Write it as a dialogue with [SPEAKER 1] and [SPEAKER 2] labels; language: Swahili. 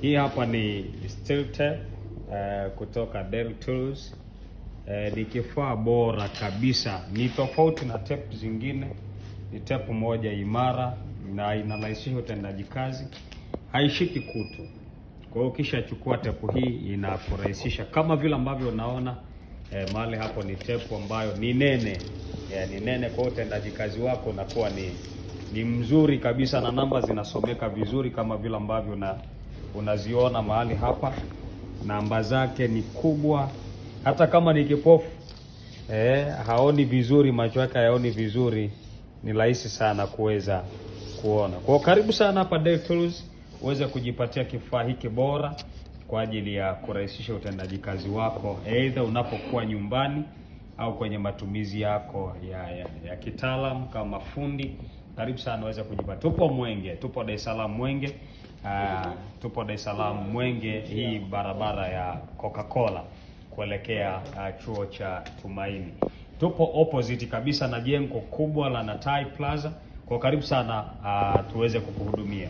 [SPEAKER 1] Hii hapa ni steel tape eh, kutoka Dell Tools Uh, ni kifaa bora kabisa, ni tofauti na tep zingine. Ni tape moja imara na inarahisisha utendaji kazi, haishiki kutu. Kwa hiyo ukishachukua tepu hii inakurahisisha kama vile ambavyo unaona eh, mahali hapo ni tepu ambayo ni nene yeah, ni nene. Kwa hiyo utendaji kazi wako unakuwa ni, ni mzuri kabisa na namba zinasomeka vizuri kama vile ambavyo na unaziona mahali hapa, namba zake ni kubwa. Hata kama ni kipofu eh, haoni vizuri, macho yake hayaoni vizuri, ni rahisi sana kuweza kuona. Kwa karibu sana hapa Del Tools uweze kujipatia kifaa hiki bora kwa ajili ya kurahisisha utendaji kazi wako, aidha unapokuwa nyumbani au kwenye matumizi yako ya, ya, ya kitaalamu kama fundi karibu sana waweza kujipa. Tupo Mwenge, tupo Dar es Salaam Mwenge. Uh, tupo Dar es Salaam Mwenge, hii barabara ya Coca-Cola kuelekea uh, chuo cha Tumaini. Tupo opposite kabisa na jengo kubwa la Natai Plaza. Kwa karibu sana uh, tuweze kukuhudumia.